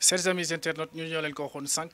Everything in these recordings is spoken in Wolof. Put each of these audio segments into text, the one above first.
chers amis internautes ñu ñoo leen ko waxoon sànq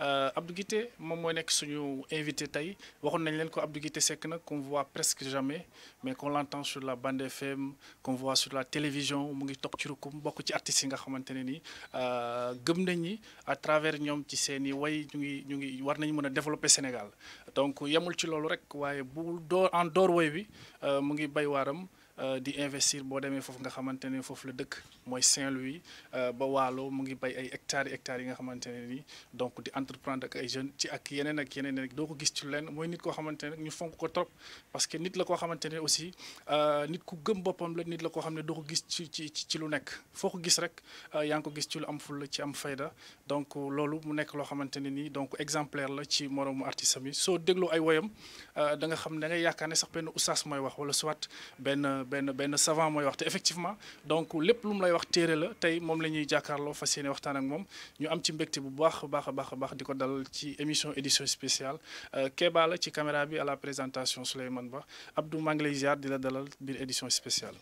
euh, Abdou Guité moom mooy nekk suñu invité tey waxoon nañ leen ko Abdou Guité Seck nag qu'on voit presque jamais mais qu'on l'entend sur la bande FM qu'on voit sur la télévision mu ngi toog ci rukum bokk ci artistes yi nga xamante ne ni euh, gëm nañ ñi à travers ñoom ci seen i way ñu ngi ñu ngi war nañ mën a développer Sénégal donc yemul ci loolu rek waaye bu door en door way bi euh, mu ngi bay waaram Euh, di investir boo demee foofu nga xamante ne foofu la dëkk mooy Saint-Louis euh, ba Waalo mu ngi bay ay hectares hectares yi nga xamante ne nii donc di entreprendre ak ay jeunes ci ak yeneen ak yeneen rek doo ko gis ci lenn mooy nit koo xamante ne ñu fonk ko trop parce que nit la koo xamante ne aussi euh, nit ku gëm boppam la nit la koo xam ne doo ko gis ci ci ci lu nekk foo ko gis rek yaa ngi ko gis ci lu am ful la ci am fayda donc loolu mu nekk loo xamante ne nii donc exemplaire la ci moroomu artiste am yi soo ay woyam danga nga xam da ngay yaakaar ne sax benn oustaz mooy wax wala soit benn benn benn savant mooy wax effectivement donc lépp lu mu lay wax téere la tey moom la ñuy jàkkaarloo fas yéene waxtaan ak moom ñu am ci mbégte bu baax a baax baax baax di ko dalal ci émission édition spéciale euh, Kéba la ci caméra bi à la présentation Souleymane Ba Abdou maa ngi lay ziar di la dalal biir édition spéciale.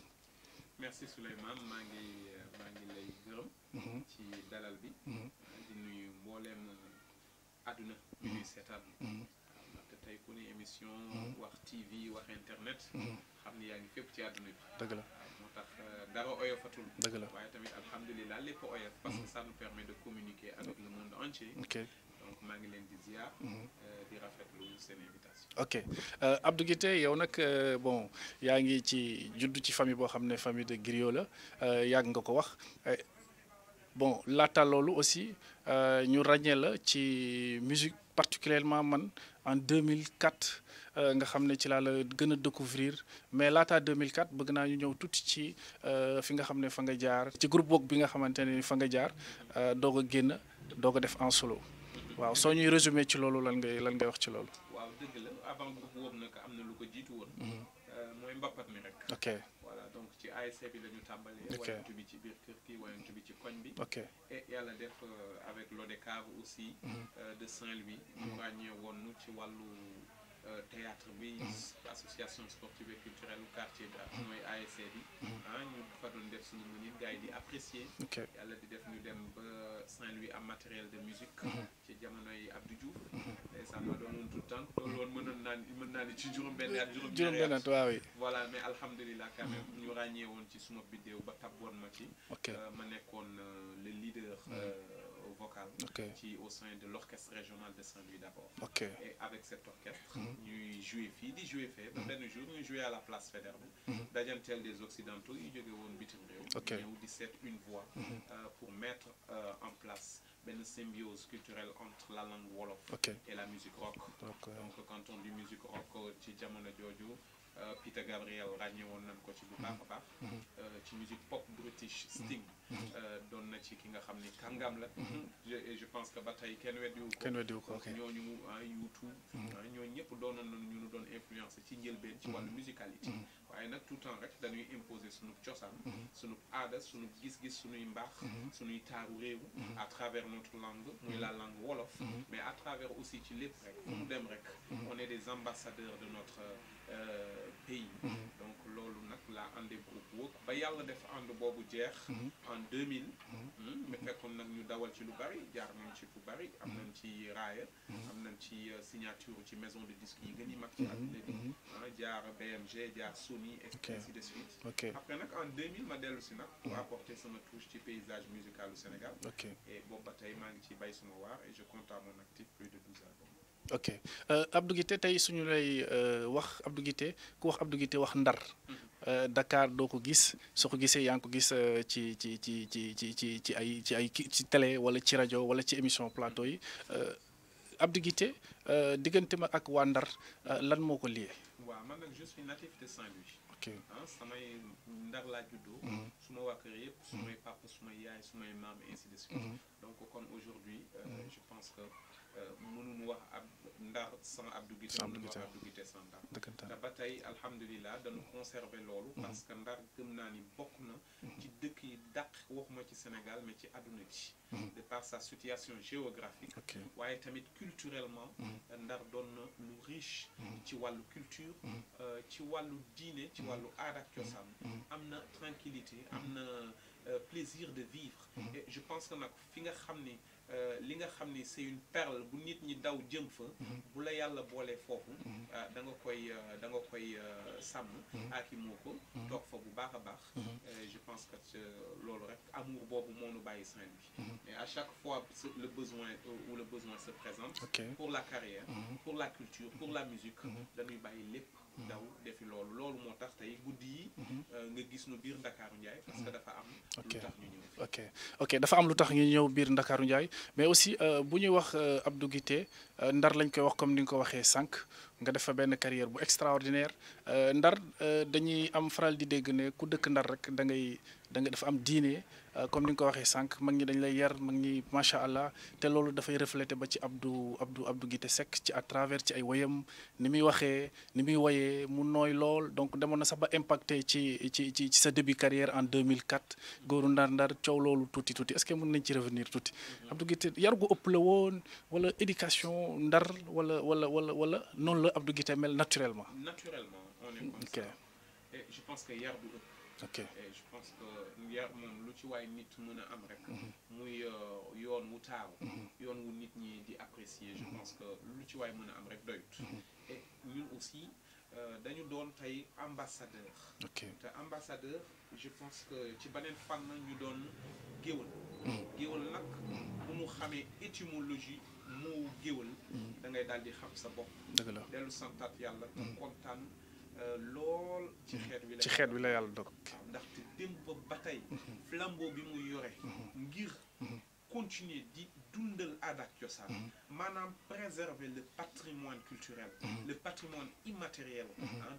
merci Souleymane maa ngi maa ngi lay gërëm. Mhm. ci dalal bi. Mhm. di nuyu mbooleem àdduna. Mhm. ñu émission. wax TV wax internet. xam ni yaa ngi fépp ci dëgg la moo tax euh, dara oyofatul. dëgg la tamit alhamdulilah lépp oyof. parce ok donc maa ngi leen di ziar. Mhm. Euh, di euh, yow nag bon yaa ngi ci juddu ci famille boo xam ne famille de griot la yàgg nga ko wax. bon laata loolu aussi ñu ràññee la ci musique particulièrement man en 2004. Euh, nga xam ne ci laa la gën a découvrir mais laata 2004 bëgg naa ñu ñëw tuuti ci euh, fi nga xam ne fa nga jaar ci groupe book bi nga xamante ne fa nga jaar euh, doog génn doog a def en solo waaw soo ñuy résumé ci loolu lan ngay lan ngay wax ci loolu. waaw dëgg la avant groupe nag am na lu ko jiitu woon. Mhm. mooy mbappat mi rek. ok voilà donc ci ASC bi la ñu tàmbalee. ok bi ci biir kër gi bi ci koñ bi. ok yàlla def avec l'ODCAV aussi. Mhm. de Saint-Louis. ñu mhm. ràññee woon ci wàllu. Euh, théâtre bi mhm. association sportive et culturelle u quartier bi ak mooy mhm. bi mhm. ah, ñu fa doon def suñu mu nit gars yi di apprécier yàlla di def ñu dem ba Saint-Louis am matériel de musique ci jamonoy Abdou Diouf ndeysaan ma doonoon tout le temps loolu woon mënoon naa ni mën naa ni ci juróom benn at juróom benn at waaw voilà mais alhamdulilah quand ñu ràññee woon ci suma biddéew ba tabboon ma ci euh, ma nekkoon euh, le leader vocale okay. qui est au sein de l'orchestre régional de Saint-Louis d'abord. Okay. Et avec cet orchestre, mhm. ñuy joué di joué fee ba mhm. benn jour ñuy joué à la place Faidherbe mhm. dajanteel des occidentaux yu jóge euh, pour mettre euh, en place benn symbiose culturelle entre la langue wolof okay. et la musique rock donc euh, quand on musique rock ci jamono jooju Euh, Peter Gabriel ràññe woon nañ ko ci bu baax a baax mm-hmm. euh, ci musique pop british mm-hmm. Sting mm-hmm. Euh, doon na ci ki nga xam ni kàngam la et je pense que ba tey kenn weddiwu ko kenn weddiwu ko ñooñu ah, YouTube ah, ñooñu ñëpp doonoon nañu ñu nu doon influence ci njëlbeen ci wàllu musicalité waaye nag tout le temps rek dañuy imposer sunu cosaan sunu aada sunu gis-gis sunuy mbaax sunuy taaru réew à travers notre langue muy la langue wolof mais à travers aussi ci lépp rek fu mu dem rek on est des ambassadeurs de notre Euh, pays mhm. donc loolu nag laa àndee groupe Wok ba yàlla def ànd boobu jeex mhm. en 2000 mu mhm. hmm, fekkoon nag ñu dawal ci lu bari jaar nañ ci fu bari am nañ ci raaya am na ci euh, signature ci maison de disque yi gën yi mag ci àdduna bi ah, jaar BMG jaar Sony et ainsi de suite après nag en ma dellu si nag pour apporter sama touche ci paysage musical au Sénégal et boobu ba tey maa ngi ci bay suma waar et je compte à mon plus de douze albums ok euh, Abdou Guité tey suñu lay euh, wax Abdou Guité ku wax Abdou Guité wax Ndar mm-hmm. euh, dakaar doo ko gis soo ko gisee yaa ngi ko gis ci ci ci ci ci ci ci ay ci ay ci télé wala ci rajo wala ci émission plateau yi Abdou Guité diggante ma ak waa Ndar lan moo ko liyee. waaw man nag je ah, laa juddoo. Mm-hmm. su su mm-hmm. may papa su may Euh, mënuñu wax ab ndar sans Abdou Guité mënuñu wax Abdou Guité sans ndar te ba tey alhamdulilah dañu conserver loolu mhm. parce que ndar gëm naa ni bokk na mhm. ci dëkk yi daq waxuma ci Sénégal mais ci àdduna bi mhm. de par sa situation géographique waaye tamit culturellement euh, ndar doon na lu riche ci wàllu culture euh, ci wàllu diine ci wàllu aada ak am na tranquillité am na plaisir de vivre et je pense que nag fi nga xam ni Euh, li nga xam ni c'est une perle bu nit ñi daw jëm fa mhm. bu la yàlla boolee foofu mhm. euh, da nga koy euh, da nga koy sàmm aaki mhm. moo ko toog fa bu baax a baax je pense que loolu rek amour boobu moo nu bàyyi Saint-Louis à chaque fois le besoin euh, où le se présente pour la carrière mhm. pour la culture pour la musique mhm. dañuy bàyyi lépp mhm. daw defi loolu loolu moo tax tey guddi yi euh, nga gis nu biir Ndakaaru Ndiaye parce que dafa am lu tax ñu ñëw ok ok am lu tax ñu ñëw biir Ndakaaru Ndiaye mais aussi euh, bu ñuy wax Abdou Guité Ndar lañ koy wax comme ni nga ko waxee sànq nga def fa benn carrière bu extraordinaire Ndar dañuy am faral di dégg ne ku dëkk Ndar rek da ngay da nga dafa am diine Euh, comme ni nga ko waxee sànq mag ñi dañ lay yar mag ñi macha allah te loolu dafay refléter ba ci Abdou Abdou Abdou Guité Seck ci à travers ci ay woyam ni muy waxee ni muy woyee mu nooy lool donc demoon na sax ba impacté ci ci ci ci sa début carrière en 2004 góoru ndar-ndar coow loolu tuuti tuuti est-ce que mun nañ ci revenir tuuti. Mm-hmm. Abdou Guité yar gu ëpp la woon wala éducation ndar wala wala wala wala noonu la Abdou Guité mel naturellement. naturellement je pense que yar Eh, je pense que yar moom lu ci waay nit mën a am rek. Mhm. muy euh, yoon wu taaru. Mhm. yoon wu nit ñi di apprécier je mhm. pense que lu ci waay mën a am rek doyut. e ñun aussi euh, dañu doon tey ambassadeur. ok te ambassadeur je pense que ci beneen na ñu doon géwal. géwal nag bu mu xamee étymologie moo géwal. da ngay daal di xam sa bopp. dëgg la dellu santaat yàlla. kontaan. lool ci xeet wi la ci xeet wi la yàlla dogal. ndaxte démb ba tey. flambeau bi mu yore. ngir continuer di dundal aada cosaan. maanaam préserver le patrimoine culturel. le patrimoine immatériel.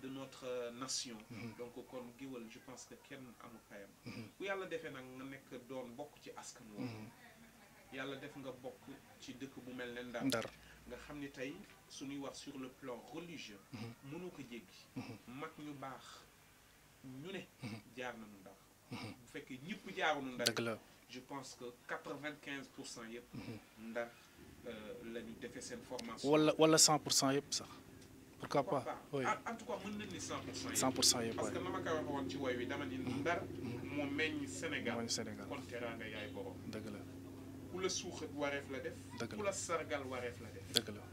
de notre euh, nation. donc kon géwal je pense que kenn amu payam. bu yàlla defee nag nga nekk doon bokk ci askan woowu. Mm-hmm. yàlla def nga bokk ci dëkk bu mel ne Ndar. nga xam ni tey suñuy wax sur le plan religieux mhm. mënoo ko jéggi mhm. mag ñu baax ñu ne mhm. jaar nañu ndar bu fekkee ñëpp jaarunu ndar je pense que quatre-vingt-quinze pour cent yëpp ndar euh, la ñu defee formation wala wala cent pour cent yëpp sax pourquoi pas oui en tout cas mën nañ ni cent pour parce que na ma ko waxoon ci woy wi dama ni ndar moo meññ Sénégal kon teraanga yaay borom dëgg la la suuxat wareef la def. ku la sargal wareef la def. dëgg la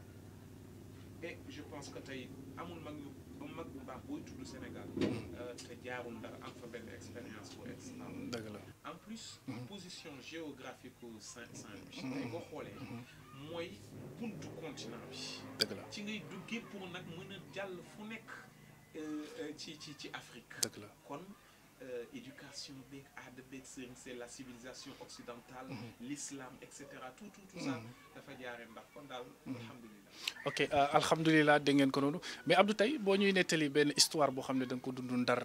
et je pense que tey amul mag yu mag bu baax booy tudd Sénégal. Mm. Euh, te jaarul ndax am fa benn expérience bu extraordinaire. dëgg la en plus. Mm-hmm. position géographique Saint-Louis. Mm-hmm. tey boo xoolee. Mm-hmm. mooy buntu continent bi. dëgg la ci ngay duggee pour nag mën a jàll fu nekk euh, euh, ci ci ci Afrique. dëgg la kon. Euh, éducation beeg la civilisation occidentale mhm. l'islam et cetera tout tout tout mhm. dafa jaaree ndax kon daal mhm. alhamdulilah ok euh, alhamdulilah dégg ngeen ko noonu mais Abdou tey boo ñuy nettali benn histoire boo xam ne da ko dund ndar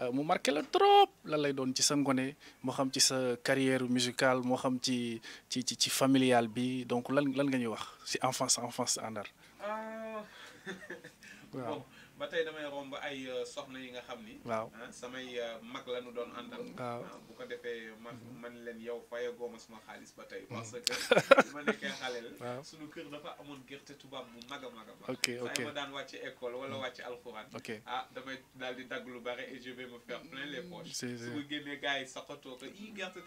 euh, mu marqué la trop lan lay doon ci sa ngone moo xam ci sa carrière musicale moo xam ci ci ci ci familiale bi donc lan lan nga ñuy wax si enfance enfance à Ndar ah. waaw ba tey damay romb ay euh, soxna yi nga xam ni. waaw ah, samay euh, mag la ñu doon àndal. waaw ah, bu ko defee ma mm-hmm. man leen yow fayagoo ma suma xaalis ba tey. Mm-hmm. parce que ma nekkee xale la. suñu kër dafa amoon gerte tubaab bu mag a mag a mag. ok daan wàcc école wala mm-hmm. wàcc alxuraan. ok ah damay daal di dagg lu bare et je vais me faire plein les poches. si si su ma génnee gars yi bi. gerte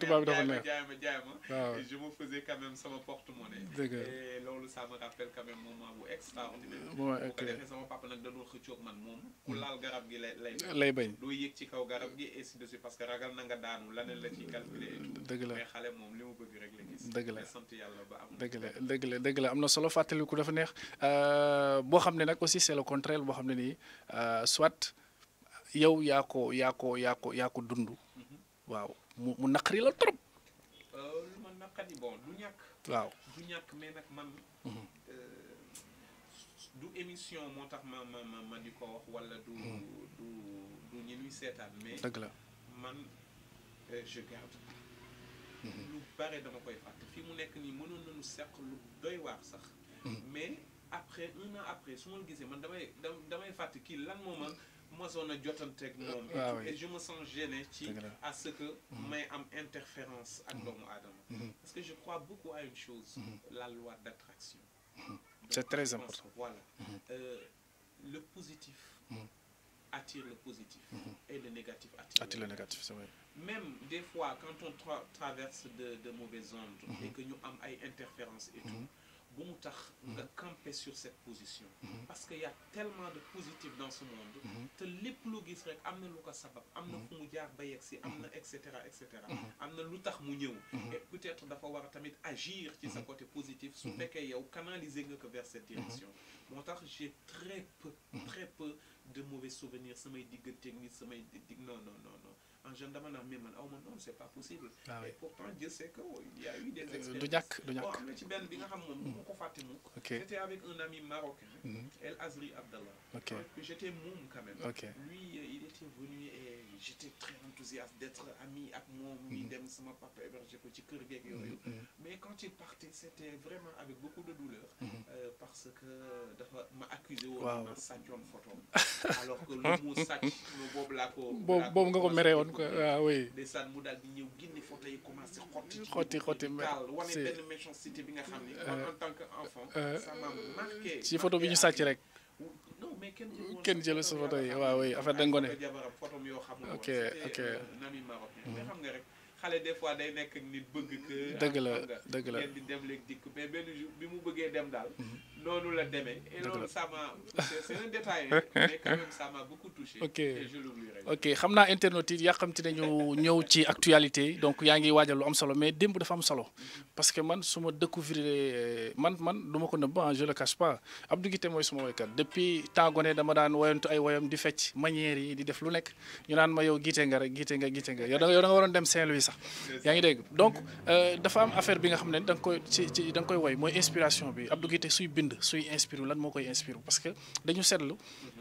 tubaab bi dafa neex jaay ma ma waaw et je me faisais quand sama porte-monnaie. dëgg la et loolu ça me rappelle quand même moment bu extraordinaire. bu ko defee sama papa nag. da doon xëccoog man moom ku hmm. laal garab gi lay lay lay bañ doo yéeg ci kaw garab gi parce que ragal na nga daanu laneen la ciy calculer dëgg la moom li mu bëgg rek dëgg la sant yàlla ba am dëgg la dëgg am na solo fàttaliku dafa neex euh, boo xam ne nag aussi c'est contraire boo xam ne nii euh, soit yow yaa ko yaa ko yaa ko yaa dund mm-hmm. waaw mu naqari la trop euh, ma du ñàkk waaw émission moo tax ma ma ma ma ko wax wala du hmm. du du ñi seetaan mais dëgg la man euh, je garde hmm. lu bare dama koy fàtte fii mu nekk nii mënoon nañu seq lu doy waar sax hmm. mais après un an après su ma la gisee man damay damay fàtte kii lan moo ma mosoon a jotanteeg ah moom et je ma sens gêné ci à ce que may am interférence ak doomu aadama parce que je crois beaucoup à une chose la loi d'attraction C'est très important. Voilà. Mm -hmm. euh, le positif mm -hmm. attire le positif mm -hmm. et le négatif attire, attire le, le négatif. Vrai. Même des fois, quand on tra traverse de, de mauvaises ondes mhm. et que nous avons des interférences et tout, mhm. bu mu tax mm-hmm. nga camper sur cette position mm-hmm. parce que y tellement de positif dans ce monde mm-hmm. te lépp lu gis rek am na lu ko sabab am na fu mu jaar ba si am na et cetera et cetera am na lu tax mu ñëw et peut-être dafa war a tamit agir ci sa côté positif su fekkee yow canaliser nga ko vers cette direction moo tax j'ai très peu très de mauvais souvenirs samay digganteeg nit samay dig non non non non en jeune dama naan mais man a ma non c'est pas possible. waaw ah et pourtant Dieu sait que oh, il y a eu des euh, expériences. du ñàkk du ñàkk boo xam ne ci benn hmm. avec un ami marocain. Hmm. El Azri Abdallah. ok j'étais moom quand même. Euh, il était venu j'étais très enthousiaste ami ak moom ñuy mm-hmm. dem sama papa hébergé ko ci kër geek yooyu mm-hmm. Mm-hmm. mais quand il partait c'était vraiment avec beaucoup de euh, que dafa ma accusé woon wow. ma sàccoon photo alors que lu mu ma boobu laa ko boobu boobu nga ko meree woon quoi waaw mu daal di ñëw génne photo yi commencé xotti xotti xotti daal wane benn bi nga xam ne euh, en tant que euh, ci photo bi ñu sàcc rek kenn jël sa photo yi waaw oui affaire da ngone ok ok euh, mais xam nga rek xale des fois day nekk ak nit bëgg que dëgg la dëgg la ngeen di dem léegi dikk mais benn jour bi mu bëggee dem daal mhm. noonu la demee. et loolu ça m'a c'est un détail mais ok xam naa internautes yi yàqamti nañu ñëw ci actualité yi donc yaa ngi waajal lu am solo mais démb dafa am solo. parce que man suma ma découvrir euh, man man du ma ko nëbb ah je le cache pas Abdou mooy suma woykat depuis temps gone dama daan woyantu ay woyam di fecc manière yi di def lu nekk ñu naan ma yow Guité nga rek Guité nga Guité nga yow da nga waroon dem Saint-Louis sax. yaa ngi dégg donc euh, dafa am affaire bi nga xam ne da nga koy ci ci woy mooy inspiration suy inspiré lan moo koy inspiré parce que dañu seetlu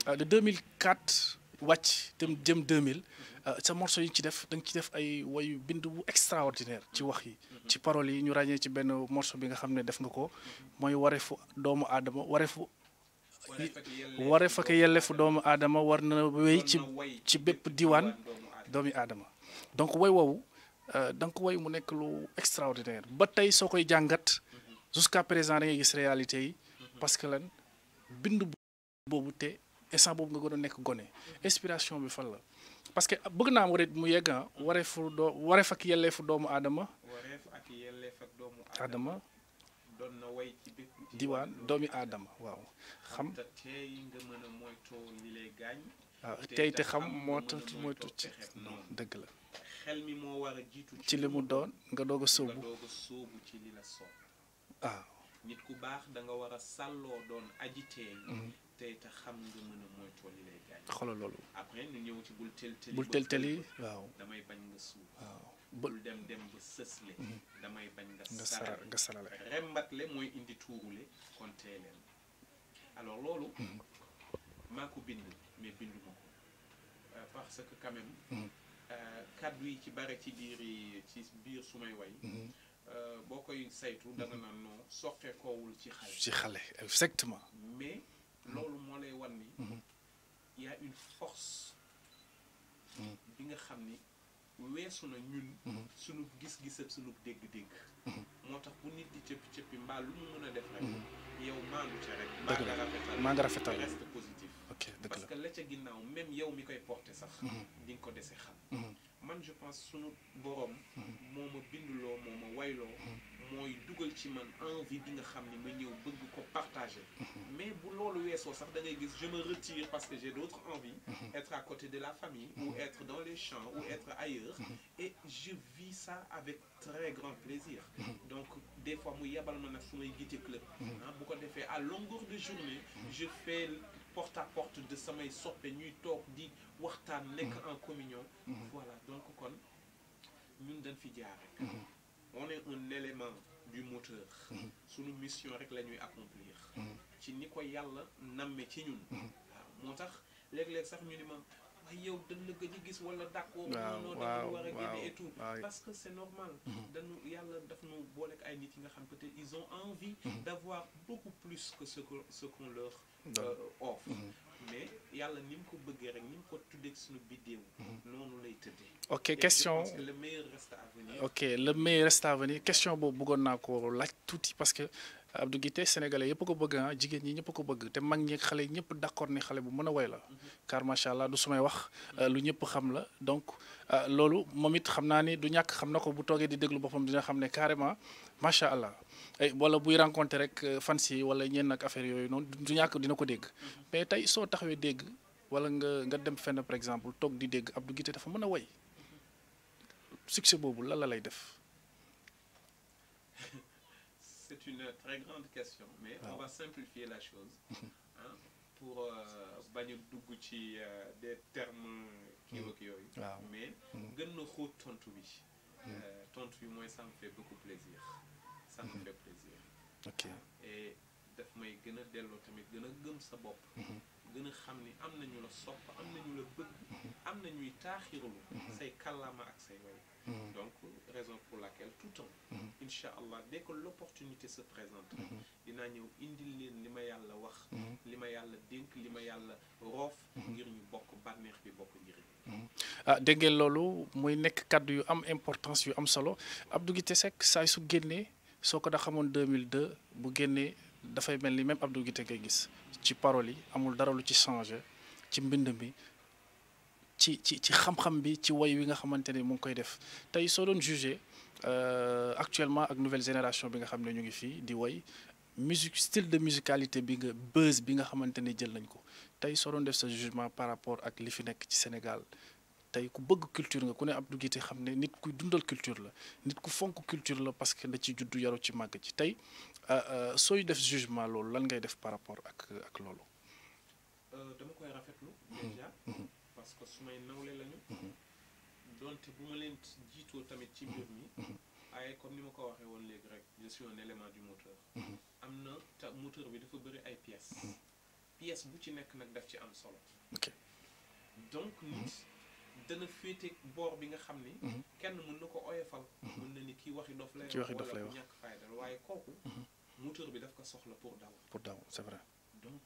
euh, de 2004 wàcc te jëm 2000 euh, sa morceau yi ci def da nga ci def ay wayu bind bu extraordinaire ci wax yi ci paroles yi ñu ràññee ci benn morso bi nga xam ne def nga ko mooy wareefu doomu aadama wareefu wareef ak yelleefu doomu aadama war na wéy ci ci bépp diwaan doomi aadama donc woy woowu euh, da ko woy mu nekk lu extraordinaire ba tey soo koy jàngat jusqu'à présent da gis réalité yi parce que lan bind boobu te instant boobu nga gën a nekk gone inspiration bi fan la parce que bëgg naa am mu yegg ah wareefu doomu aadama. wareef ak yelleef ak doomu aadama. doon na way diwaan doomi aadama waaw. xam te ah, te xam moo tax moytu ci dëgg la. xel mi moo war jiitu ci li mu doon nga doog a sóobu waaw. nit ku baax da nga war a sàlloo doon agiteel mhm. tey te xam nga mën a moytoo li lay gaañ xoolal loolu après ñu ñëw ci bul tel teli bul tel waaw damay bañ nga suuf waaw bul dem dem ba sësle mhm. damay bañ nga sarale nga sarale rembatle mooy indi tuurule kon tey leen loolu mhm. maa ko bind mais bindu ma ko euh, parce que quand même euh, yi ci bare ci biir yi ci biir su way Euh, boo koy saytu da naan non soqeekoowul ci xale. ci xale exactement. mais loolu moo lay wan ni. Mm-hmm. y a une force. Mm-hmm. bi nga xam ni weesu na ñun. Mm-hmm. sunu gis-gis ak sunu dégg-dégg. moo tax bu nit di cëppi cëppi mbaa lu mu mën a def rek. yow maandu ca rek. dëgg la maa nga rafetal reste positif. ok parce que la ca ginnaaw même yow mi koy porté sax. di nga ko dese xam. man je pense sunu borom. moo ma bindloo moo ma wayloo. mooy dugal ci man envie bi nga xam ni ma ñëw bëgg ko partager. mais bu loolu weesoo sax da ngay gis je me retire parce que j'ai d'autres envies. être à côté de la famille. ou être dans les champs ou être ailleurs. et je vis ça avec très grand plaisir. donc des fois mu yebal ma nag su may gite club. Ah, bu ko defee à longueur de journée. je fais porte à porte de samay soppe ñuy toog di waxtaan nekk mm-hmm. en communion mm-hmm. voilà donc kon ñun dañ fi jaar rek mm-hmm. on est un élément du moteur suñu mission rek la ñuy accomplir ci ni ko yàlla namme ci ñun waaw moo tax léeg-léeg sax ñu ni ma yow dañ la gëj a gis wala dàqoo. waaw waaw waaw parce que c' est normal. Mhm. yàlla daf nu boole ay nit yi nga xam peut-être ils ont envie. Mhm. d' avoir beaucoup plus que ce que ce leur euh, offre. Mhm. mais yàlla ni mu ko bëggee rek ni mu ko tuddee suñu biddéew. noonu lay tëddee. ok question le meilleur reste ok le meilleur reste à question boobu bëggoon naa ko laaj tuuti parce que. Abdou Guité sénégalais yëpp ko bëgg ah jigéen ñi ñëpp ko bëgg te mag ñi xale ñëpp d'accord ni xale bu mën a way la car macha allah du sumay wax euh, lu ñëpp xam la donc euh, loolu moom it xam naa ni du ñàkk xam na ko bu toogee di déglu boppam dina xam ne carrément macha allah eh, wala buy rencontré rek euh, fan si wala ñenn ak affaire yooyu noonu du ñàkk dina ko dégg mais tey soo taxawee dégg wala nga nga dem fenn par exemple toog di dégg Abdou Guité dafa mën a way succès boobu lan la lay def. une très grande question mais on ah. va simplifier la chose hein, pour euh, bañ a dugg ci euh, des termes kiiwag mm. yooyu ah. mais mm. gën na xóot tontu bi mm. euh, tontu bi mooy ça me fait beaucoup plaisir ça me fait plaisir ok ah, et daf may gën a delloo tamit gën a gëm sa bopp mm-hmm. gën a xam ni am nañu la sopp am ñu la bëgg mm-hmm. am nañuy taaxirlu mm-hmm. say kàllaama ak say way donc raison pour laquelle tout temps incha allah dès que l'opportunité se présente mhm. dinaa ñëw indil leen li ma yàlla wax mhm. li ma yàlla dénk li ma yàlla roof mhm. ngir ñu bokk bànneex bi bokk njëriñ ah dégg ngeen loolu muy nekk kàddu yu am importance yu am solo Abdou Guité Seck saay su génnee soo ko da xamoon 2002 bu génnee dafay mel ni même Abdou Guité ngay gis ci paroles yi amul dara lu ci changé ci mbind mi ci ci ci xam-xam bi ci woy wi nga xamante ne mu koy def tey soo doon jugé Euh, actuellement ak nouvelle génération bi nga xam ne ñu ngi fii di woy musique style de musicalité bi nga buzz bi nga xamante ne jël nañ ko tey soo doon def sa jugement par rapport ak li fi nekk ci Sénégal tey ku bëgg culture nga ku ne ab Guité xam ne nit kuy dundal culture la nit ku fonk culture la parce que da ci juddu yaru ci màgg ci tey euh, euh, sooy def jugement loolu lan ngay def par rapport ak ak loolu. Mmh. Mmh. que sumay nawle lañu. Mmh. donte bu ma leen jiitoo tamit ci mbir mi waaye comme ni ma ko waxee woon léegi rek je suis un élément du moteur am na te moteur bi dafa bëri ay pièces pièce bu ci nekk nag def ci am solo donc mm-hmm. nit dana féete boor bi nga xam ni mm-hmm. kenn mën na ko oyofal mm-hmm. mën na ni kii waxi dof lay wax wala ñàkk fayda waaye kooku moteur bi daf ko soxla pour daw pour daw c'est vrai donc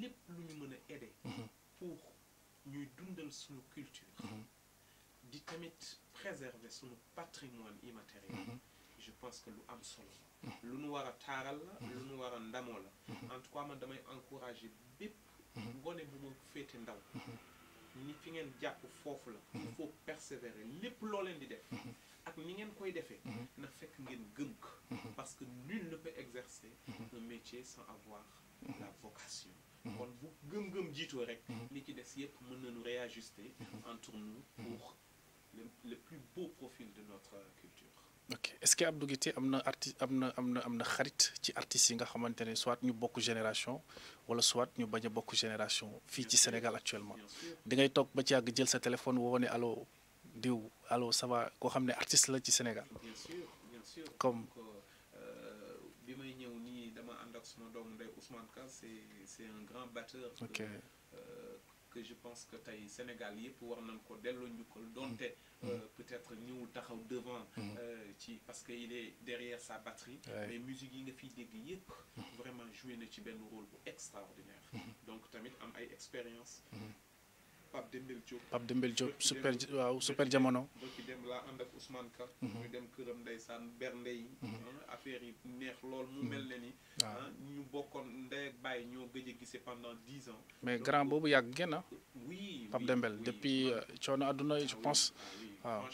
lépp lu ñu mën a aider pour ñuy dundal suñu culture di tamit préserver suñu patrimoine immatériel mhm. je pense que lu am solo mhm. lu nu war a taaral la mhm. lu nu war a ndamoo la en tout cas man damay encourager bépp gone bu ma féete ndaw ni fi ngeen jàpp foofu la il faut persévérer lépp loo leen di def ak ni ngeen koy defee na fekk ngeen gëm ko parce que nul ne peut exercer un métier sans avoir la vocation kon bu gëm-gëm jiitoo rek li ci des yëpp mën nu réajuster entre nous pour le, le plus est-ce que Abdou am na arti am na am na am na xarit ci artistes yi nga xamante ne soit ñu bokk génération wala soit ñu bañ a bokk génération fii ci Sénégal actuellement da ngay toog ba ci yàgg jël sa téléphone woo ne allo diw saba ça koo xam ne artiste la ci Sénégal. bien sûr comme euh, bi may ñëw nii dama ànd ak suma doomu ndey Ousmane Ka c'est un grand batteur. ok. Euh, que je pense que tey Sénégal yëpp war nañ ko ñu ko donte mm-hmm. euh, peut-être ñëwul taxaw devant mm-hmm. euh, ci parce que il est derrière sa batterie mais musique yi nga fiy dégg yëpp mm-hmm. vraiment joué na ci benn rôle bu extraordinaire donc tamit am ay expérience Pape Dembel Diop super waaw super jamono. bokki dem laa ànd ak Ousmane Ka. Mhm. dem këram ndeysaan bernde yi. Mhm. Ah, affaire yi neex lool mu mhm. mel ne ni. Ah, ñu bokkoon ndey bàyyi ñoo gëj a gise pendant dix ans. mais grand boobu yàgg ngeen ah. oui Pape Dembel depuis euh, coono àdduna je ah pense. waaw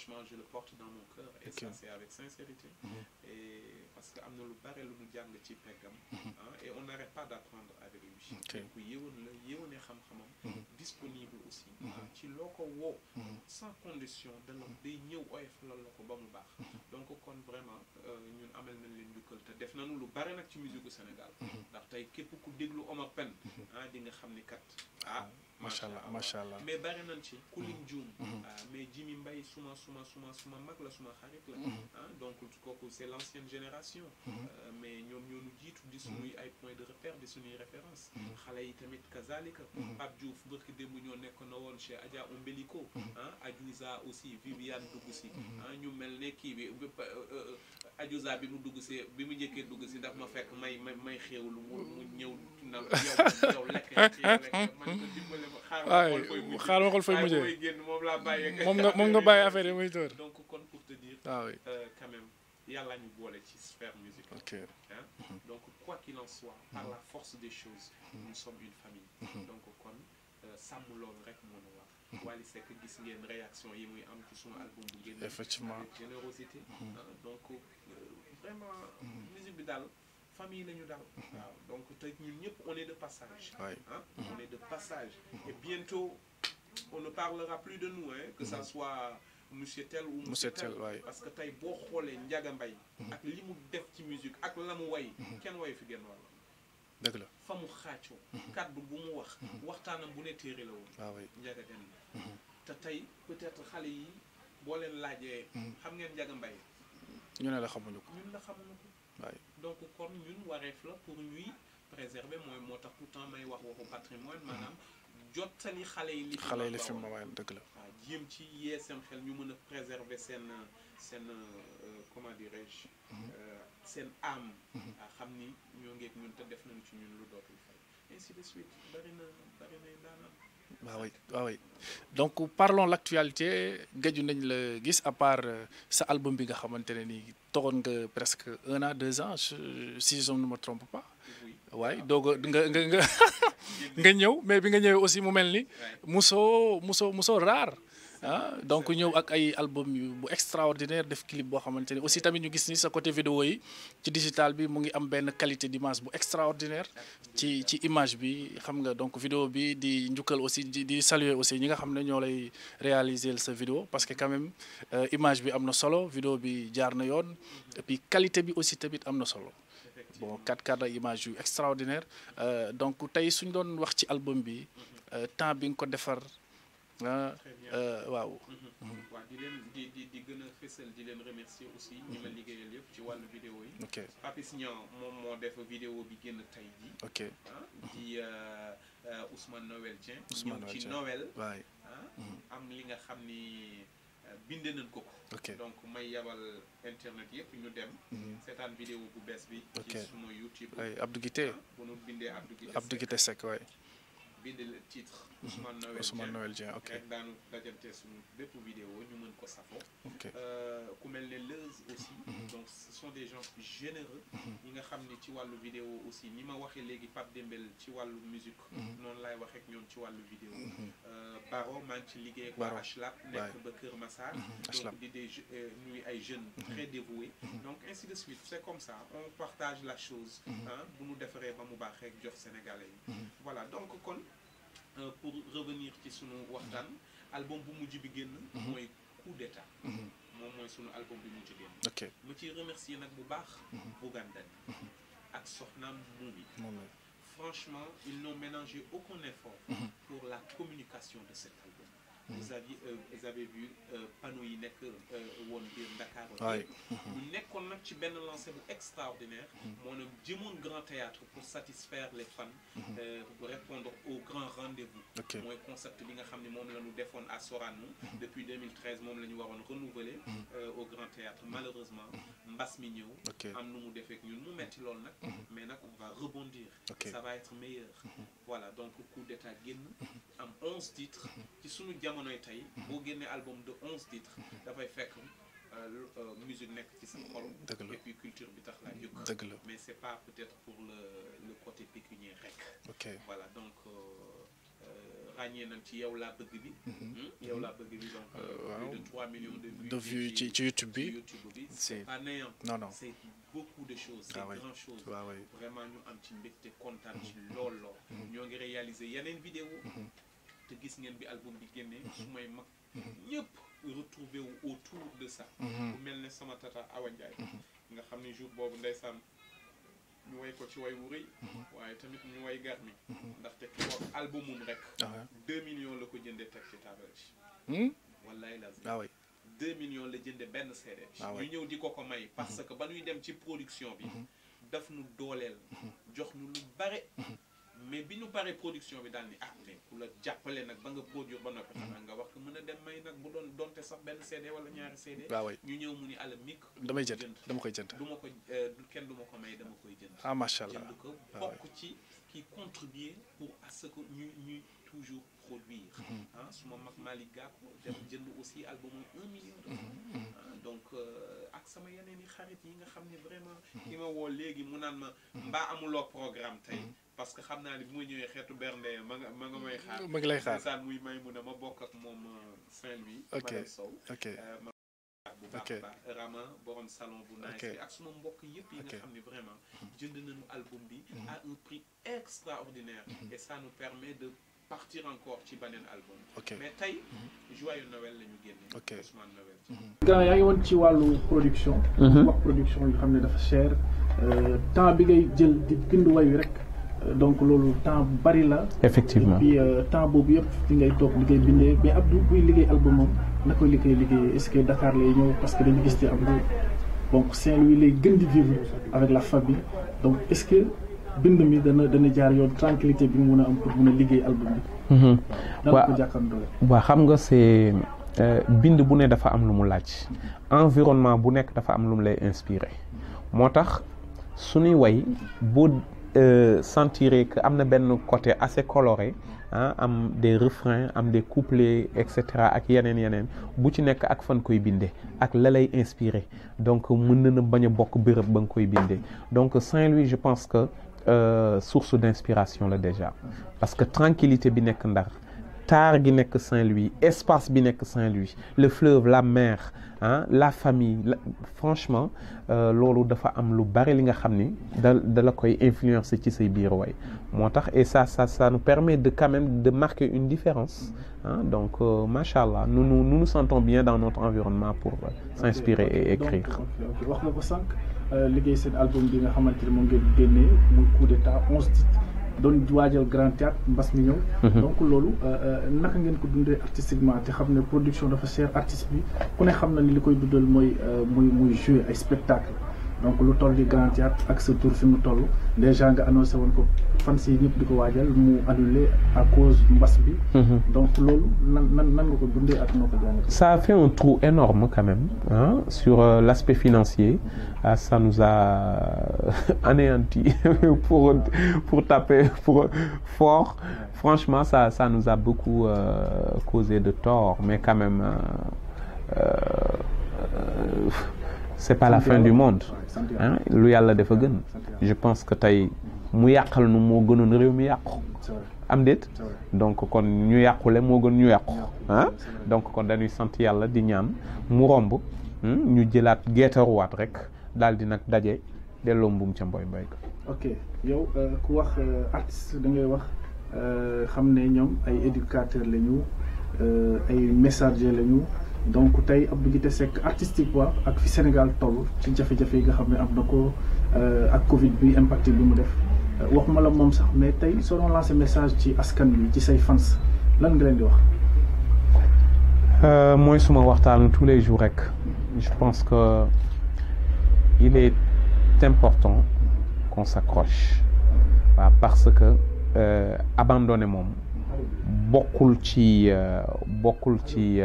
parce que am na lu bare lu ñu jàng ci peggam. Mhm. Ah, et on n'arrête pas d'apprendre avec lui. ku yéwoon la yéwoone xam-xamam. Mhm. disponible aussi. Mhm. Ah, ci loo ko woo. sans condition dana day ñëw oyof la la ko ba mu baax. donc kon vraiment euh, ñun amal nañ leen njukkal te def na nu lu bare nag ci musique gu Sénégal. ndax tey képp ku déglu Omar Pène. ah di nga xam ni kat ah. macha allah macha allah mais bari nañ ci ku lim juum mais Jimi Mbaye suma ma suma suma mag la suma xarit la mm-hmm. ah, donc kooku c'est l'ancienne génération mm-hmm. euh, mais ñoom ñoo ñu jiitu di mm-hmm. suñuy ay points de repère di suñuy référence xale yi tamit kazalika Pape Diouf bërki démb ñoo nekk na woon chez Adja Ombeliko ah Adjouza aussi Viviane dugg si ah, ñu mel ne kii bi euh, euh, Adjouza bi mu dugg si bi mu njëkkee dugg si ndax ma fekk may may may xéewlu mu ñëw na yow yow lekk lekk man ko dimbale waaw xaar ma xool fooy mujjee moom nga moom nga bàyyi affaire yi muy tóor. donc kon pour te dire. waaw ah oui euh, quand même yàlla ñu boole ci sphère musicale. ok mhm. donc quoi mhm. par la force des choses. Mhm. nous sommes une famille. donc kon euh, sàmm loolu rek moo ñu war. Wally Seck gis ngeen yi muy am ci sunu album bu génn. effectivement générosité. donc euh, famille la ñu dal. waaw donc te ñun ñëpp on est de passage. ah de passage. et bientôt on ne parlera plus de nous hein. que ça mm-hmm. soit monsieur tel ou parce que tey boo xoolee Ndiaga mbay mm-hmm. ak li mu def ci musique ak la mu way. Mm-hmm. kenn way fi genn wàll. dëgg la fa mu xaacoo. kàddu bu mu wax. waxtaanam bu ne téere la woon. waaw ah waay Ndiaga dem te tey peut-être xale yi boo leen laajee. xam ngeen Ndiaga mbay ñoo ne la xamuñu ko. ñun la xamuñu ko. donc kon ñun wareef la pour ñuy préserver mooy moo tax tout le temps may wax waxu patrimoine mm-hmm. maanaam jottali xale yi li xale yi li fi ma waaye dëgg la waaw jéem ci yee seen xel ñu mën a préserver seen seen euh, comment dirais-je mm-hmm. euh, seen am mm-hmm. xam ni ñoo ngeeg ñun te def nañ ci ñun lu dootul fay ainsi de suite bari na bari na waaw waay donc parlon l'actualité géju nañ la gis à part euh, sa album bi nga xamante ne nii togoon nga presque un an deux ans si je ne me trompe pas. waaye doog nga nga nga nga ñëw mais bi nga ñëwee aussi mu mel ni. musoo musoo musoo raar. ah donc ñëw ak ay album yu bu extraordinaire def clip boo xamante ni aussi tamit ñu gis ni sa côté vidéo yi ci digital bi mu ngi am benn qualité d'image bu extraordinaire ci ci image bi xam nga donc vidéo bi di njukkal aussi di saluer aussi ñi nga xam ne ñoo lay réaliser sa vidéo parce que quand euh, image bi am na solo video bi jaar na yoon et qualité bi aussi tamit am na solo bon 4K la image yu extraordinaire euh, donc tey suñ doon wax ci album bi euh, temps bi nga ko defar ah euh, waaw. Mhm. waaw di leen di di di gën a fësal di leen remercier aussi ñi ma mhm. liggéeyal yëpp ci wàllu vidéo yi. ok Papis Niang moom moo def vidéo bi génn tey bi ok ah di mhm. euh, euh, Ousmane Noël Dieng. Ousmane Noël ci Noël. Ah, am li nga xam ni binde nañ ko ko. donc may yabal internet yëpp ñu dem. seetaan vidéo bu bees bi. ok ci sunu YouTube. ay ah, bu nu bindee Abdou Guité Seck Abdou Guité titre. Ousmane Noël Ousmane Noël Dieng ok rek daanu dajante suñu bépp vidéo ñu mën ko safoo euh, ku mel ne Leuz aussi mhm. donc ce sont des gens généreux mhm. ñi nga xam ne ci wàllu vidéo aussi ni ma waxee léegi Pape Dembel ci wàllu musique mhm. noonu lay waxee ak ñoom ci wàllu vidéo euh, Baro maa ngi ci liggéey ak waa HLAP nekk ba Kër Massar donc di des ñuy euh, ay jeunes très dévoués donc ainsi de suite c'est comme ça on partage la chose bu ñu defaree ba mu baax rek jox Sénégalais yi voilà donc kon Euh, pour revenir ci sunu waxtaan album bu mujj bi génn mhm. mooy coup d'état mhm. moom mooy sunu album bi mujj génn ok mu ciy remercier nag bu baax mhm. Bougane Dany ak soxnaam Moumi franchement ils n'ont ménagé aucun effort pour la communication de cet album vous mhm. aviez euh, vous avez vu euh, yi nekk euh, woon biir Dakar. waay bu nekkoon nag ci benn lancée bu extraordinaire. Mhm. moo ne jëmoon grand théâtre pour satisfaire les fans. Mhm. pour répondre au grand rendez-vous. mooy concept bi nga xam ne moom la ñu defoon à Sorano. depuis 2013 moom la ñu waroon renouveler. au grand théâtre malheureusement mbas mi ñëw. am nu mu defee ñun mu metti lool nag. mais nag on va rebondir. ça va être meilleur. voilà donc coup d'état génn. am onze titres ci sunu jamonoy tey boo génnee album de onze titres dafay fekk euh, euh, musique nekk ci sa xol et puis bi tax laa jóg dëgg la mais c'est pas peut-être pour le le côté pécuniaire rek ok voilà donc euh, ràññee nañ ci yow la bëgg bi mhm. hmm? yow laa bëgg bi donc plus de trois millions de vues de ci ci YouTube bi YouTube bi c'est pas néant non non c'est beaucoup de choses c'est ah grand chose ah vraiment ñu am ci mbégte kontaan ci mhm. lool lool mhm. ñoo ngi réaliser yeneen vidéo te gis ngeen bi album bi génnee mhm. su may mag ñëpp retrouvé wu autour de ça bu mhm. mel ni sama tata Awa mhm. nga xam ne jour boobu ndeysaan ñu way ko ci way wu rëy waaye tamit ñu way gar mi ndaxte ki wax albumum rek ah deux millions la ko jëndee teg ci taabal ji hmm? wallaay lazim ah deux millions la jënde benn CD ah ñu ñëw di ko ko may parce que ba ñuy dem ci production bi daf nu dooleel jox nu lu bare mais bi ñu paree production bi daal ni ah mais la jàppale nag ba nga produire ba noppi. xanaa nga wax mën a dem may nag bu doon donte sax benn CD wala ñaari CD. waaw ah, waay ñu ñëw mu ni àll mic. damay jënd dama koy jënd du ma ko euh, kenn du ma ko may dama koy jënd. ah macha allah jënd ko ah, ci ki contribuer pour à ce ñu ñu toujours produire. Mm-hmm. ah su ma mag Malick Gakou dem jënd aussi album un million mm-hmm. Mm-hmm. Ah, donc euh, ak sama yeneen i xarit yi nga xam ne vraiment. ki ma woo léegi mu naan ma. mbaa amuloo programme tey. parce que xam naa ne bu ma ñëwee xeetu bernde ma nga ma nga may xaar. ma ngi lay xaar muy may mun a ma bokk ak moom euh, Saint-Louis. ok Sow ok euh, ma bu baax ak suma mbokk yëpp yi vraiment mhm. jënd nañu album bi mhm. à un prix extraordinaire mhm. et ça nous permet de partir encore ci beneen album. mais tey joyeux Noël la ñu génne. ok Ousmane Noël. ci wàllu production. wax production yu xam ne dafa cher euh, temps bi ngay jël di bind way rek. donc loolu temps bu bari la. effectivement et puis euh, temps boobu yëpp fi ngay toog li koy bindee mais Abdou buy liggéey album moom na koy liggéey liggéey est-ce que Dakar lay ñëw parce que dañu gis que bind mi dana dana jaar yoon tranquillité bi mu mën a am pour mën a liggéey album bi. Mhm. waaw xam nga c'est euh, bind bu ne dafa am lu mu laaj environnement bu nekk dafa am lu mu lay inspiré moo tax suñuy way boo Euh, sentir que am na benn côté assez coloré ah am des refrains am des couplets et cetera ak yeneen yeneen bu ci nekk ak fan koy bindee ak la lay donc mun na na bañ a bokk béréb ba nga koy bindee donc Saint-Louis je pense que euh, source d'inspiration la déjà parce que tranquillité bi nekk Ndar taar gi nekk Saint-Louis espace bi nekk Saint-Louis le fleuve la mer ah la famille la franchement euh, loolu dafa am lu bari li nga xam ni da da la koy influencer ci say biir way moo tax et ça ça ça nous permet de quand même de marquer une différence donc euh, macha allah nous nous nous nous sentons bien dans notre environnement pour euh, s'inspirer et écrire. wax nga ko sànq liggéey seen album bi nga xamante ne moom ngeen génnee muy doon waajal grand théâtre mbas mi ñëw. Mhm. donc loolu euh, euh, naka ngeen ko dundee artistiquement te xam ne production dafa cher artiste bi ku ne xam na ni li koy dundal mooy euh, muy muy jouer ay spectacle donc lu toll di Grand Théâtre ak sa tour fi mu toll déjà nga annoncé woon ko fan si ñëpp di ko waajal mu annulé à cause mbas bi. Mhm. donc loolu nan nan nan nga ko dundee ak noo ko jàngatee. ça a fait un trou énorme quand même hein, sur euh, l'aspect financier à ah, ça nous a euh, anéanti pour pour taper pour fort franchement ça nous a beaucoup euh, causé de tort mais quand même euh, c'est pas la fin du monde. Ah, lu yàlla dafa gën je pense que tey mu yàqal nu moo gënoon réew mi yàqu am déet donc kon ñu yàqule moo gën ñu yàqu ah donc kon dañuy sant yàlla di ñaan mu romb hmm, ñu jëlaat geetaruwaat rek daal di nag daje delloo mbuum ca mbooy mboy ok yow euh, ku wax euh, artiste da ngay wax euh, xam ne ñoom ay éducateur lañu ay messager lañu donc tey Abdou Guité Seck artistique waa ak fi Sénégal toll ci jafe-jafe yi nga xam ne am na ko euh, ak Covid bi impacté bi mu def euh, ma la moom sax mais tey soo doon lancé message ci askan wi ci say fans lan nga leen di wax. Euh, mooy suma waxtaan tous les jours rek je pense que il est important qu'on s'accroche waaw parce que abandonné moom bokkul ci bokkul ci.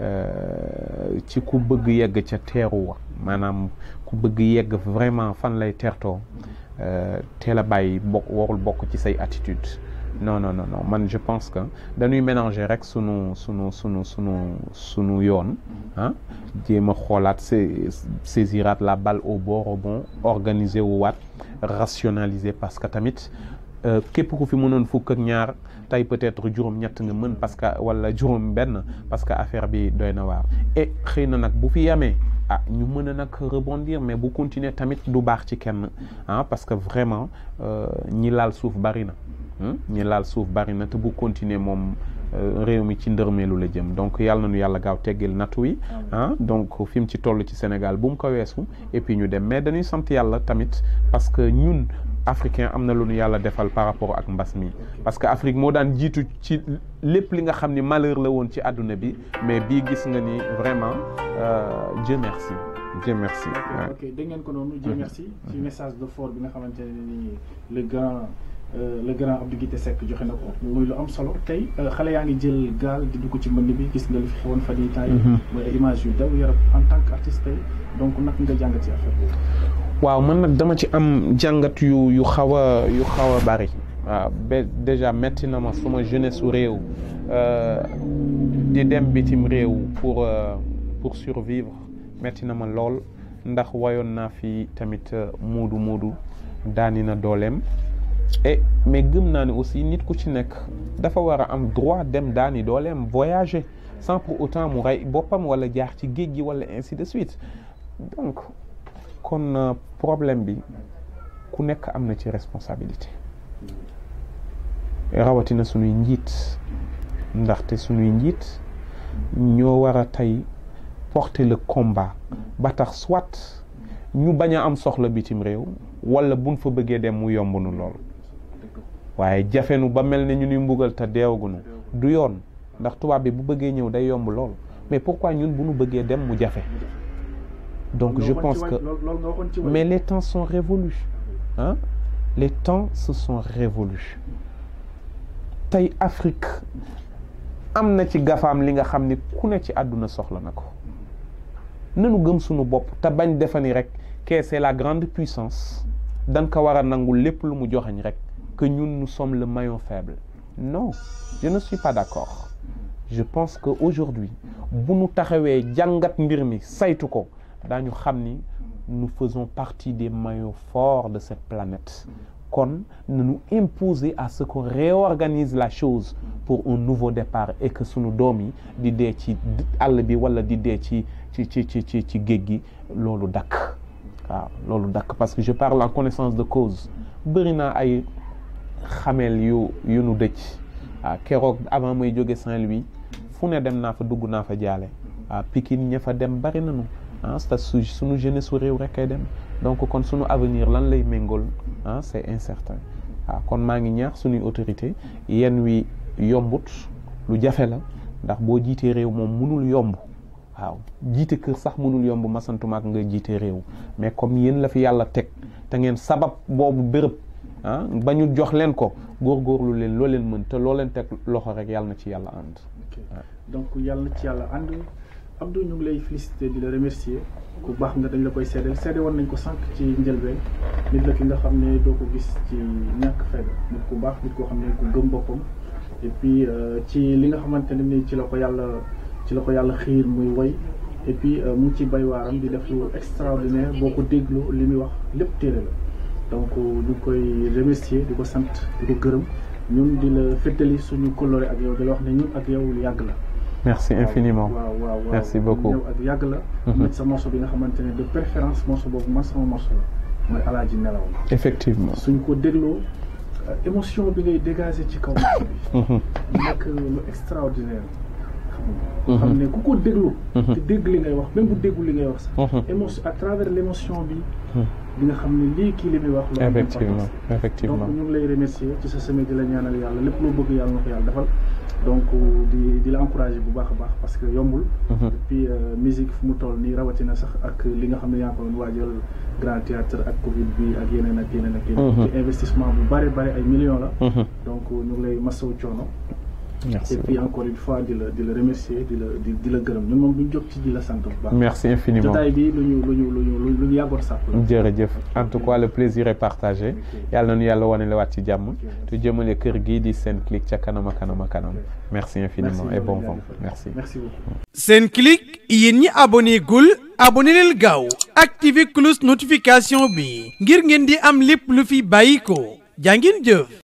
Euh, ci ku bëgg yegg ca teeru wa maanaam ku bëgg yegg vraiment fan lay teertoo euh, teel a bàyyi bokk warul bokk ci say attitude non non non non man je pense que dañuy mélanger rek sunu sunu sunu sunu sunu yoon ah jéem a xoolaat saisiraat la balle au bord rebond organiser wu waat rationaliser parce que tamit Euh, képp ku fi mënoon fukk ak ñaar tey peut-être juróom-ñett nga mën parce que wala juróom-benn parce que affaire bi doy na waar et xëy na nag bu fi yamee ah ñu mën a nag rebondir mais bu continuer tamit du baax ci kenn ah parce que vraiment euh, ñi laal suuf bari na hmm? ñi laal suuf bari na te bu continuer moom euh, réew mi ci ndërmeelu la jëm donc yàlla nu yàlla gaaw teggil nattu yi ah donc fi ci toll ci Sénégal bu mu ko weesu et ñu dem mais dañuy sant yàlla tamit parce ñun africain am na lu yàlla defal par rapport ak mbas mi parce que Afrique moo daan jiitu ci lépp li nga xam ni malheur la woon ci àdduna bi mais bii gis nga ni vraiment euh, Dieu merci Dieu merci. ok dégg ngeen ko noonu. Dieu mhm. merci mhm. ci message de fort bi nga xamante ne nii le grand euh, le grand Abdou Guité Seck joxe na ko muy lu am solo tey euh, xale yaa ngi jël gaal di ko ci mbënn bi gis nga li fi xewoon fan yii temps mhm. yi. mooy image yu daw yaram en tant qu'artiste tey donc nag jàng ci waaw man nag dama ci am jàngat yu yu xaw a yu xaw a bari waaw ba déjà metti na ma suma jeunesse su réew euh, di dem bitim réew pour euh, pour survivre metti na ma lool ndax wayoon naa fi tamit euh, muudu muudu daani na dooleem et mais gëm naa ne aussi nit ku ci nekk dafa war a am droit dem daani dooleem voyager sans pour autant mu rey boppam wala jaar ci géej gi wala ainsi de suite donc kon euh, problème bi ku nekk am na ci responsabilité rawatina suñuy njiit ndaxte suñuy njiit ñoo war a tey porter le combat ba tax soit ñu bañ a am soxla bitim réew wala buñ fa bëggee dem mu yomb nu lool waaye jafenu ba mel ne ñu nuy mbugal te deewagunu du yoon ndax tubaab bi bu bëggee ñëw day yomb lool mais pourquoi ñun bu ñu bëggee dem mu jafe donc je pense que mais les temps son révolus ah les temps se sont révolus tey Afrique am na ci gafaam li nga xam ni ku ne ci àdduna soxla na ko nanu gëm sunu bopp te bañ defa ni rek que c'est la grande puissance dañ ko war a nangul lépp lu mu joxeñ rek que ñun nous sommes le maillon faible non je ne suis pas d'accord je pense que aujourd'hui bu nu taxawee jàngat mbir mi saytu ko daañu xam ni nous faisons partie de mayo forts de cette planète kon na ñu imposer à ce qu'on réorganise la chose pour un nouveau départ et que sunu doom yi di dee ci àll bi walla di dee ci ci ci ci ci ci géej gi loolu dakk waaw loolu dakk parce que je parle en connaissance de cause bëri naa ay xameel yu yu nu dëj waaw ah, keroog avant may jóge Saint-Louis fu ne dem naa fa dugg naa fa jaale waaw ah, Pikine ña fa dem bari nañu ah te su suñu jeunesse su réew rek kay dem donc kon suñu avenir lan lay méngool ah c'est incertain waaw ah, kon maa ngi ñaax suñuy autorité yenn wi yombut lu jafe la ndax boo jiitee réew moom mënul yomb waaw jiite kër sax mënul yomb masantuma ak nga jiitee réew mais comme yéen la fi yàlla teg te ngeen sabab boobu bërëb ah, ba ñu jox leen ko góorgóorlu leen loo leen mën te loo leen teg loxo rek yàlla na ci yàlla ànd. donc Abdou ñu ngi lay féliciter di la remercier ku baax nga dañ la koy seddeel sedde woon nañ ko sànq ci njëlbeen nit la ki nga xam ne doo ko gis ci ñàkk fayda nit ku baax nit koo xam ne ku gëm boppam et euh, ci li nga xamante ne ni ci la ko yàlla ci la yàlla xiir muy woy et euh, mu ci bay waaram di def lu extraordinaire boo ko déglu li muy wax lépp téere la donc euh, ñu ngi koy remercier di ko sant di gërëm ñoom di la féttali suñu coloré ak yow di la wax ne ñun ak yow yàgg la merci infiniment waaw waaw waaw merci beaucoup ñëw ak yàgg la. Mhm. nit sa morceau bi nga xamante ne de préférence morceau boobu man sama morceau la mooy alaaji nelaw la. effectivement suñ ko dégloo euh, émotion bi ngay dégager ci kaw morceau bi. Mhm. nekk lu extraordinaire. Mm-hmm. xam ne ku ko déglu mm-hmm. te dégg li ngay wax même bu déggul li ngay wax sax mm-hmm. émotion à travers l' bi di nga xam ne lii kii li muy wax loolu effectivement effectivement donc ñu ngi lay remercier ci sa semaine di la ñaanal yàlla lépp loo bëgg yàlla na ko yàlla defal donc di di la encouragé bu baax a baax parce que yombul depuis euh, musique fu mu toll nii rawatina sax ak li nga xam ne yaa ko doon waajal grand théâtre ak covid bi ak yeneen ak yeneen ak yeneen investissement bu bare bare ay million la donc ñu ngi lay masaw coono merci et puis di la di la remercier di la di di la gërëm ñun moom duñ jóg ci di la jotaay bi lu ñu lu ñu lu ñu lu ñu yàggoon sax. jërëjëf en tout cas le plaisir est partagé yàlla na yàlla wane la waat ci jàmm te jëmale kër gi di Senclic ca kanam a kanam a kanam merci infiniment et bon vent merci. merci beaucoup. Senclic yéen ñi abonné gul abonné leen gaaw activé cloche notification bi ngir ngeen di am lépp lu fi bàyyi ko jaa ngeen jëf.